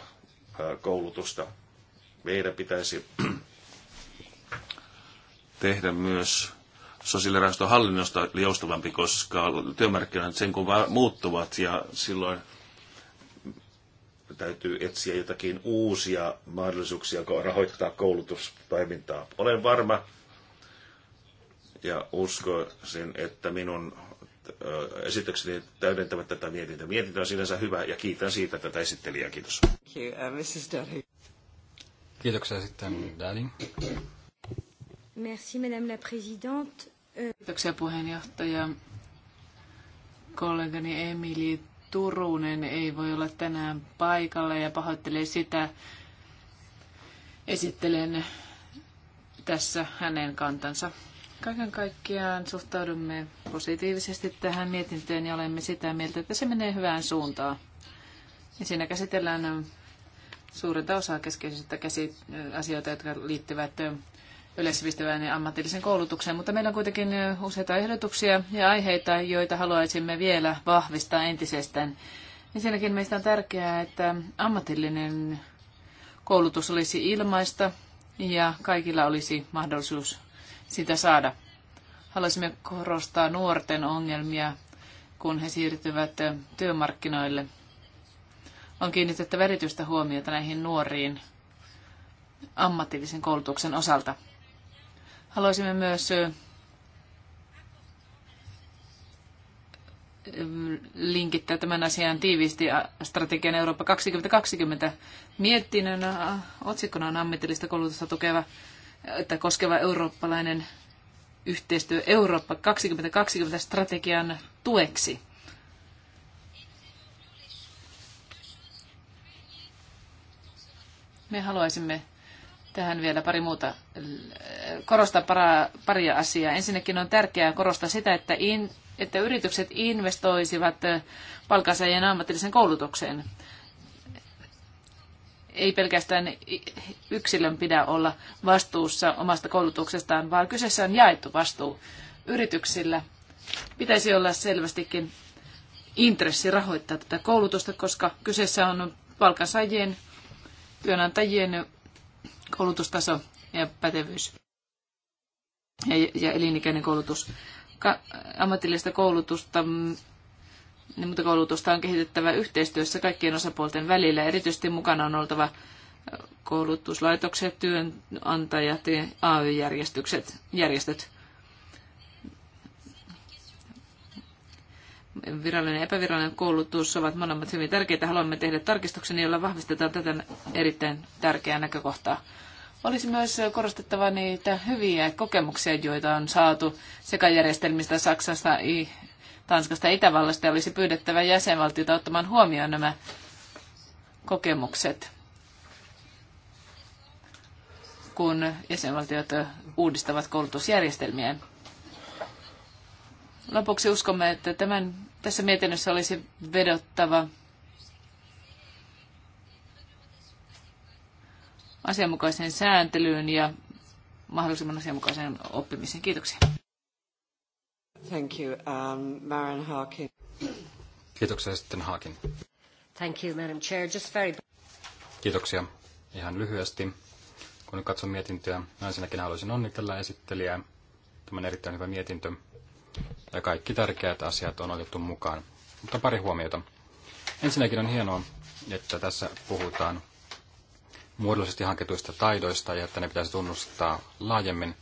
koulutusta meidän pitäisi tehdä myös sosiaalirahaston hallinnosta joustavampi, koska työmarkkinat sen kun vaan muuttuvat ja silloin täytyy etsiä jotakin uusia mahdollisuuksia rahoittaa koulutustoimintaa. Olen varma ja uskoisin, että minun esitykseni täydentävät tätä mietintöä. Mietintö on sinänsä hyvä ja kiitän siitä tätä esittelijää. Kiitos. Uh, Kiitoksia sitten Dali. Merci, madame la présidente. Euh, Kiitoksia puheenjohtaja. Kollegani Emili Turunen ei voi olla tänään paikalla ja pahoittelee sitä. Esittelen tässä hänen kantansa. Kaiken kaikkiaan suhtaudumme positiivisesti tähän mietintöön ja olemme sitä mieltä, että se menee hyvään suuntaan. Ja siinä käsitellään suurinta osaa keskeisistä käsi- asioita, jotka liittyvät yleissivistävään ja ammatilliseen koulutukseen, mutta meillä on kuitenkin useita ehdotuksia ja aiheita, joita haluaisimme vielä vahvistaa entisestään. Ensinnäkin meistä on tärkeää, että ammatillinen koulutus olisi ilmaista ja kaikilla olisi mahdollisuus sitä saada. Haluaisimme korostaa nuorten ongelmia, kun he siirtyvät työmarkkinoille – on kiinnitettävä erityistä huomiota näihin nuoriin ammatillisen koulutuksen osalta. Haluaisimme myös linkittää tämän asian tiiviisti strategian Eurooppa 2020 miettinnön otsikkona on ammatillista koulutusta tukeva että koskeva eurooppalainen yhteistyö Eurooppa 2020 strategian tueksi. Me haluaisimme tähän vielä pari muuta, äh, korostaa para, paria asiaa. Ensinnäkin on tärkeää korostaa sitä, että, in, että yritykset investoisivat äh, palkansaajien ammatilliseen koulutukseen. Ei pelkästään yksilön pidä olla vastuussa omasta koulutuksestaan, vaan kyseessä on jaettu vastuu yrityksillä. Pitäisi olla selvästikin intressi rahoittaa tätä koulutusta, koska kyseessä on palkansaajien työnantajien koulutustaso ja pätevyys ja, ja elinikäinen koulutus. Ka- ammatillista koulutusta niin mutta koulutusta on kehitettävä yhteistyössä kaikkien osapuolten välillä. Erityisesti mukana on oltava koulutuslaitokset, työnantajat ja AY-järjestöt. virallinen ja epävirallinen koulutus ovat molemmat hyvin tärkeitä. Haluamme tehdä tarkistuksen, jolla vahvistetaan tätä erittäin tärkeää näkökohtaa. Olisi myös korostettava niitä hyviä kokemuksia, joita on saatu sekä järjestelmistä Saksasta, Tanskasta ja Itävallasta. Olisi pyydettävä jäsenvaltiota ottamaan huomioon nämä kokemukset, kun jäsenvaltiot uudistavat koulutusjärjestelmiään Lopuksi uskomme, että tämän, tässä mietinnössä olisi vedottava asianmukaiseen sääntelyyn ja mahdollisimman asianmukaiseen oppimiseen. Kiitoksia. Thank you. Um, Maren Harkin. Kiitoksia sitten Haakin. Thank you, Madam Chair. Just very... Kiitoksia. Ihan lyhyesti. Kun katson mietintöä, ensinnäkin haluaisin onnitella esittelijää. Tämä on erittäin hyvä mietintö ja kaikki tärkeät asiat on otettu mukaan. Mutta pari huomiota. Ensinnäkin on hienoa, että tässä puhutaan muodollisesti hanketuista taidoista ja että ne pitäisi tunnustaa laajemmin.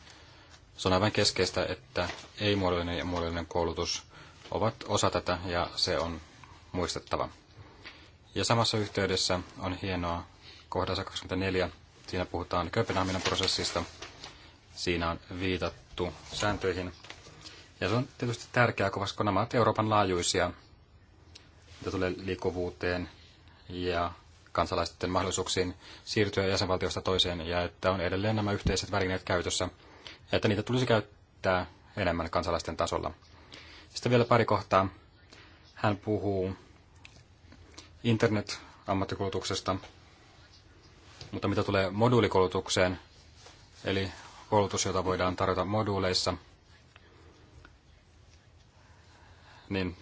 Se on aivan keskeistä, että ei-muodollinen ja muodollinen koulutus ovat osa tätä ja se on muistettava. Ja samassa yhteydessä on hienoa kohdassa 24. Siinä puhutaan Kööpenhaminan prosessista. Siinä on viitattu sääntöihin, ja se on tietysti tärkeää, koska nämä ovat Euroopan laajuisia, mitä tulee liikkuvuuteen ja kansalaisten mahdollisuuksiin siirtyä jäsenvaltiosta toiseen, ja että on edelleen nämä yhteiset välineet käytössä, ja että niitä tulisi käyttää enemmän kansalaisten tasolla. Sitten vielä pari kohtaa. Hän puhuu internet ammattikulutuksesta mutta mitä tulee moduulikoulutukseen, eli koulutus, jota voidaan tarjota moduuleissa – niin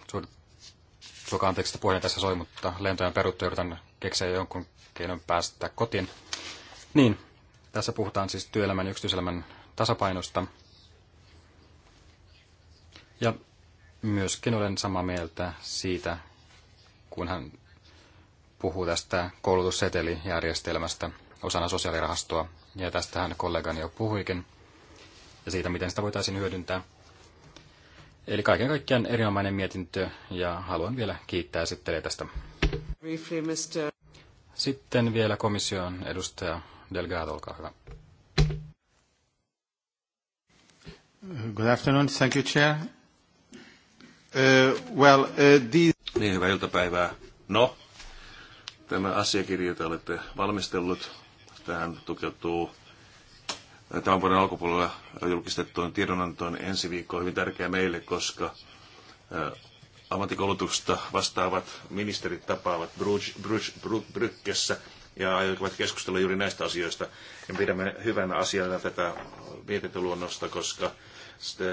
suokaa anteeksi, että puheen tässä soi, mutta lentoja on peruttu, yritän keksiä jonkun keinon päästä kotiin. Niin, tässä puhutaan siis työelämän ja yksityiselämän tasapainosta. Ja myöskin olen samaa mieltä siitä, kun hän puhuu tästä koulutussetelijärjestelmästä osana sosiaalirahastoa. Ja tästä hän kollegani jo puhuikin. Ja siitä, miten sitä voitaisiin hyödyntää. Eli kaiken kaikkiaan erinomainen mietintö ja haluan vielä kiittää esittelijä tästä. Sitten vielä komission edustaja Delgado, olkaa hyvä. Good afternoon, thank you, Chair. Uh, well, uh, these... Niin, hyvää iltapäivää. No, tämä asiakirja, jota olette valmistellut, tähän tukeutuu tämän vuoden alkupuolella julkistettuun tiedonantoon ensi viikko on hyvin tärkeä meille, koska ammattikoulutuksesta vastaavat ministerit tapaavat Brykkessä ja aiottavat keskustella juuri näistä asioista. Ja pidämme hyvänä asiana tätä mietintöluonnosta, koska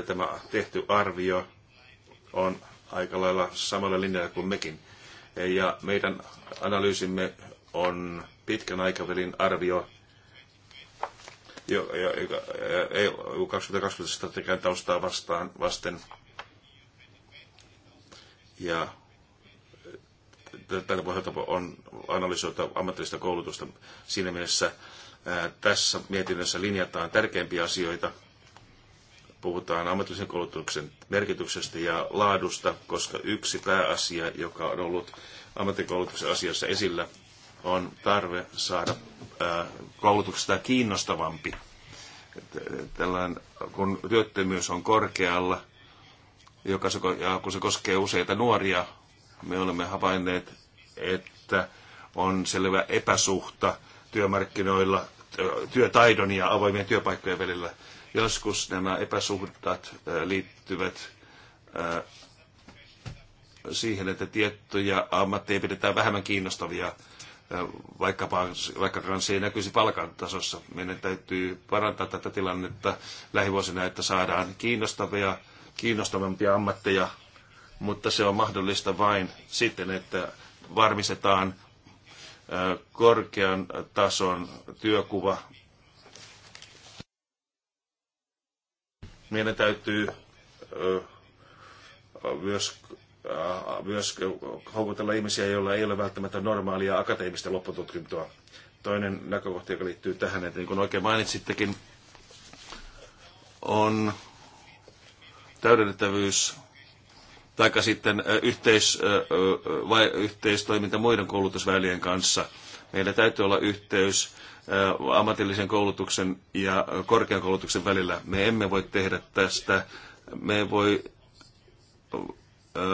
tämä tehty arvio on aika lailla samalla linjalla kuin mekin. Ja meidän analyysimme on pitkän aikavälin arvio joka EU 2020 strategian taustaa vastaan, vasten. Ja tällä pohjalta on analysoitu ammatillista koulutusta siinä mielessä. Ää, tässä mietinnössä linjataan tärkeimpiä asioita. Puhutaan ammatillisen koulutuksen merkityksestä ja laadusta, koska yksi pääasia, joka on ollut ammattikoulutuksen asiassa esillä, on tarve saada koulutuksesta kiinnostavampi. Tällään, kun työttömyys on korkealla, joka se, ja kun se koskee useita nuoria, me olemme havainneet, että on selvä epäsuhta työmarkkinoilla työtaidon ja avoimien työpaikkojen välillä. Joskus nämä epäsuhtat liittyvät siihen, että tiettyjä ammatteja pidetään vähemmän kiinnostavia vaikkapa, vaikkakaan se ei näkyisi palkantasossa. Meidän täytyy parantaa tätä tilannetta lähivuosina, että saadaan kiinnostavia, kiinnostavampia ammatteja, mutta se on mahdollista vain sitten, että varmistetaan korkean tason työkuva. Meidän täytyy myös Äh, myös houkutella ihmisiä, joilla ei ole välttämättä normaalia akateemista loppututkintoa. Toinen näkökohta, joka liittyy tähän, että niin kuin oikein mainitsittekin, on täydennettävyys tai sitten äh, yhteis, äh, vai yhteistoiminta muiden koulutusväylien kanssa. Meillä täytyy olla yhteys ammatillisen koulutuksen ja korkeakoulutuksen välillä. Me emme voi tehdä tästä, me ei voi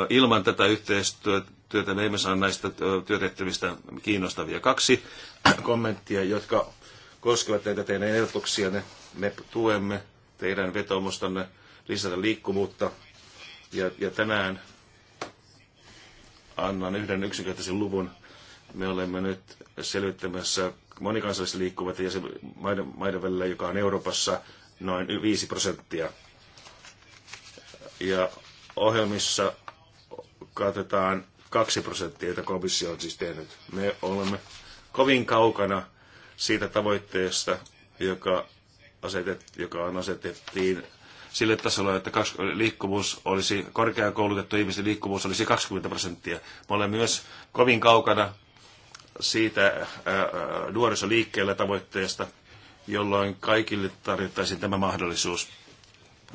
Ilman tätä yhteistyötä me emme saa näistä työtehtävistä kiinnostavia. Kaksi kommenttia, jotka koskevat näitä teidän ehdotuksianne. Me tuemme teidän vetomustanne lisätä liikkumuutta. Ja, ja tänään annan yhden yksinkertaisen luvun. Me olemme nyt selvittämässä monikansallista liikkuvat ja maiden, maiden välillä, joka on Euroopassa noin 5 prosenttia. Ja ohjelmissa katetaan 2 prosenttia, jota komissio on siis tehnyt. Me olemme kovin kaukana siitä tavoitteesta, joka, asetet, joka on asetettiin sille tasolle, että liikkuvuus olisi, korkeakoulutettu ihmisten liikkuvuus olisi 20 prosenttia. Me olemme myös kovin kaukana siitä äh, äh, nuorisoliikkeellä tavoitteesta, jolloin kaikille tarjottaisiin tämä mahdollisuus.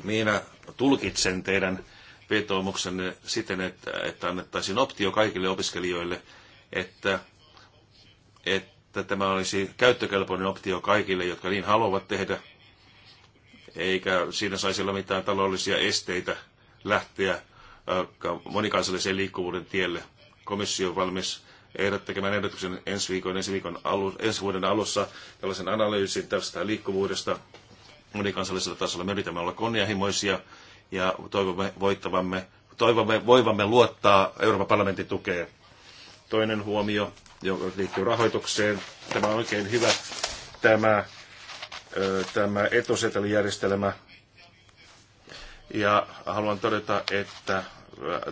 Minä tulkitsen teidän vetoomuksenne siten, että, että annettaisiin optio kaikille opiskelijoille, että, että tämä olisi käyttökelpoinen optio kaikille, jotka niin haluavat tehdä, eikä siinä saisi olla mitään taloudellisia esteitä lähteä äh, monikansallisen liikkuvuuden tielle. Komissio on valmis ehdottamaan ehdotuksen ensi, viikon, ensi, viikon alu, ensi vuoden alussa tällaisen analyysin tästä liikkuvuudesta monikansallisella tasolla. Me yritämme olla kunnianhimoisia ja toivomme, voittavamme, toivomme voivamme luottaa Euroopan parlamentin tukeen. Toinen huomio, joka liittyy rahoitukseen. Tämä on oikein hyvä, tämä, tämä etusetelijärjestelmä. Ja haluan todeta, että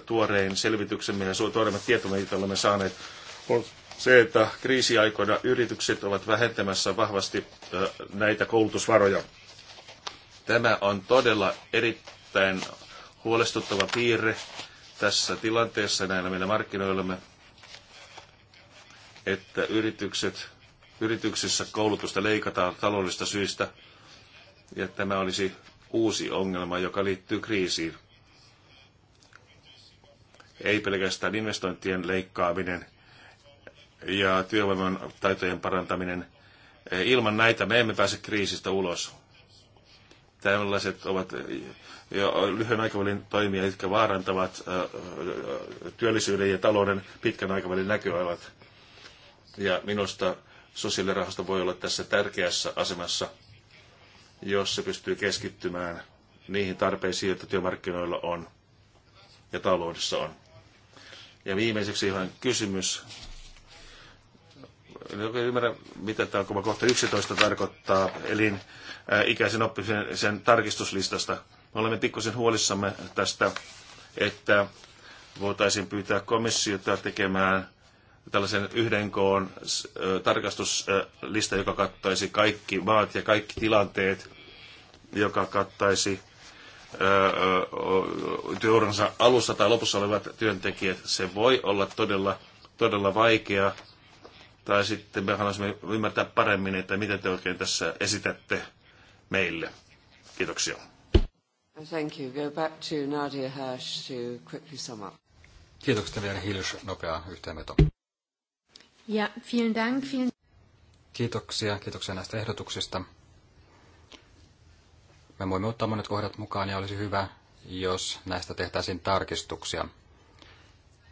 tuorein selvityksemme ja tuoreimmat tietomme, joita olemme saaneet, on se, että kriisiaikoina yritykset ovat vähentämässä vahvasti näitä koulutusvaroja. Tämä on todella eri, erittäin huolestuttava piirre tässä tilanteessa näillä meidän markkinoillamme, että yritykset, yrityksissä koulutusta leikataan taloudellista syistä, ja tämä olisi uusi ongelma, joka liittyy kriisiin. Ei pelkästään investointien leikkaaminen ja työvoiman taitojen parantaminen. Ilman näitä me emme pääse kriisistä ulos. Tällaiset ovat jo lyhyen aikavälin toimia, jotka vaarantavat työllisyyden ja talouden pitkän aikavälin näköalat. Ja minusta sosiaalirahasto voi olla tässä tärkeässä asemassa, jos se pystyy keskittymään niihin tarpeisiin, joita työmarkkinoilla on ja taloudessa on. Ja viimeiseksi ihan kysymys en ymmärrä, mitä tämä on, kohta 11 tarkoittaa, eli äh, ikäisen oppimisen sen tarkistuslistasta. Me olemme pikkusen huolissamme tästä, että voitaisiin pyytää komissiota tekemään tällaisen yhden koon tarkastuslista, joka kattaisi kaikki maat ja kaikki tilanteet, joka kattaisi työuransa alussa tai lopussa olevat työntekijät. Se voi olla todella, todella vaikea tai sitten me haluaisimme ymmärtää paremmin, että mitä te oikein tässä esitätte meille. Kiitoksia. Thank you. Go back to Nadia Hirsch to quickly sum up. Kiitoksia vielä Hirsch, nopea yhteenveto. Ja, vielen dank, vielen... Kiitoksia, kiitoksia näistä ehdotuksista. Me voimme ottaa monet kohdat mukaan ja olisi hyvä, jos näistä tehtäisiin tarkistuksia.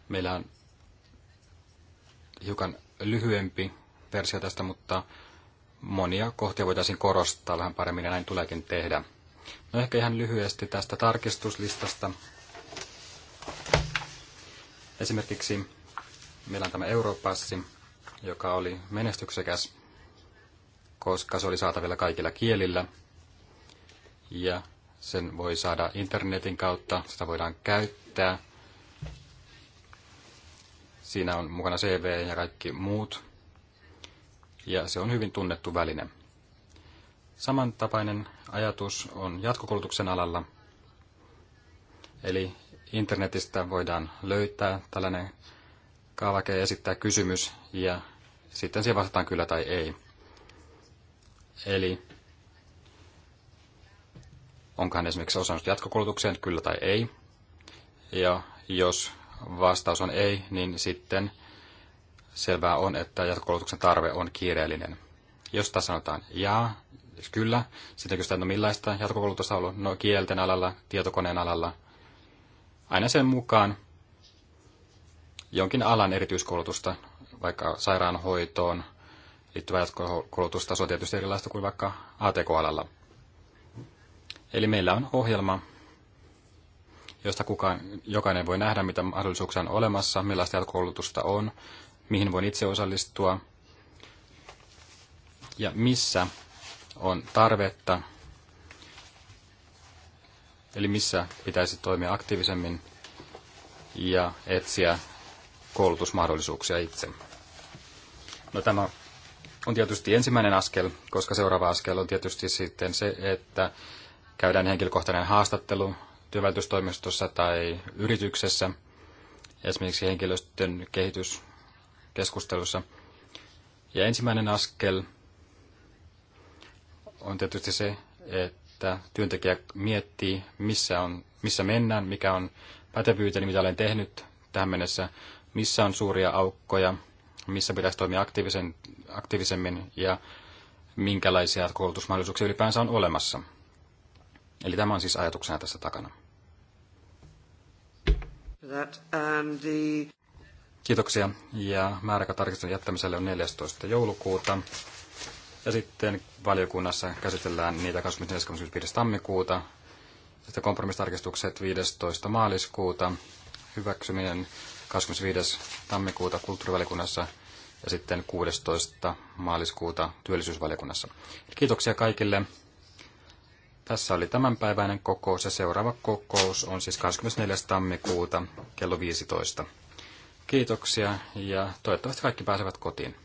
Meillä on hiukan lyhyempi versio tästä, mutta monia kohtia voitaisiin korostaa vähän paremmin ja näin tuleekin tehdä. No ehkä ihan lyhyesti tästä tarkistuslistasta. Esimerkiksi meillä on tämä Europassi, joka oli menestyksekäs, koska se oli saatavilla kaikilla kielillä. Ja sen voi saada internetin kautta, sitä voidaan käyttää – Siinä on mukana CV ja kaikki muut. Ja se on hyvin tunnettu väline. Samantapainen ajatus on jatkokoulutuksen alalla. Eli internetistä voidaan löytää tällainen kaavake ja esittää kysymys ja sitten siihen vastataan kyllä tai ei. Eli onko esimerkiksi osannut jatkokoulutukseen, kyllä tai ei. Ja jos vastaus on ei, niin sitten selvää on, että jatkokoulutuksen tarve on kiireellinen. Jos taas sanotaan jaa, siis kyllä, sitten kysytään, no millaista jatkokoulutusta on ollut, no kielten alalla, tietokoneen alalla, aina sen mukaan jonkin alan erityiskoulutusta, vaikka sairaanhoitoon liittyvä jatkokoulutustaso on tietysti erilaista kuin vaikka ATK-alalla. Eli meillä on ohjelma, josta kukaan, jokainen voi nähdä, mitä mahdollisuuksia on olemassa, millaista koulutusta on, mihin voin itse osallistua ja missä on tarvetta, eli missä pitäisi toimia aktiivisemmin ja etsiä koulutusmahdollisuuksia itse. No tämä on tietysti ensimmäinen askel, koska seuraava askel on tietysti sitten se, että käydään henkilökohtainen haastattelu työvälitystoimistossa tai yrityksessä, esimerkiksi henkilöstön kehityskeskustelussa. Ja ensimmäinen askel on tietysti se, että työntekijä miettii, missä, on, missä mennään, mikä on pätevyyteni, mitä olen tehnyt tähän mennessä, missä on suuria aukkoja, missä pitäisi toimia aktiivisen, aktiivisemmin ja minkälaisia koulutusmahdollisuuksia ylipäänsä on olemassa. Eli tämä on siis ajatuksena tässä takana. Um, Kiitoksia. Ja määräaikatarkistuksen jättämiselle on 14. joulukuuta. Ja sitten valiokunnassa käsitellään niitä 24.25. tammikuuta. Sitten kompromistarkistukset 15. maaliskuuta. Hyväksyminen 25. tammikuuta kulttuurivaliokunnassa ja sitten 16. maaliskuuta työllisyysvaliokunnassa. Kiitoksia kaikille. Tässä oli tämänpäiväinen kokous ja seuraava kokous on siis 24. tammikuuta kello 15. Kiitoksia ja toivottavasti kaikki pääsevät kotiin.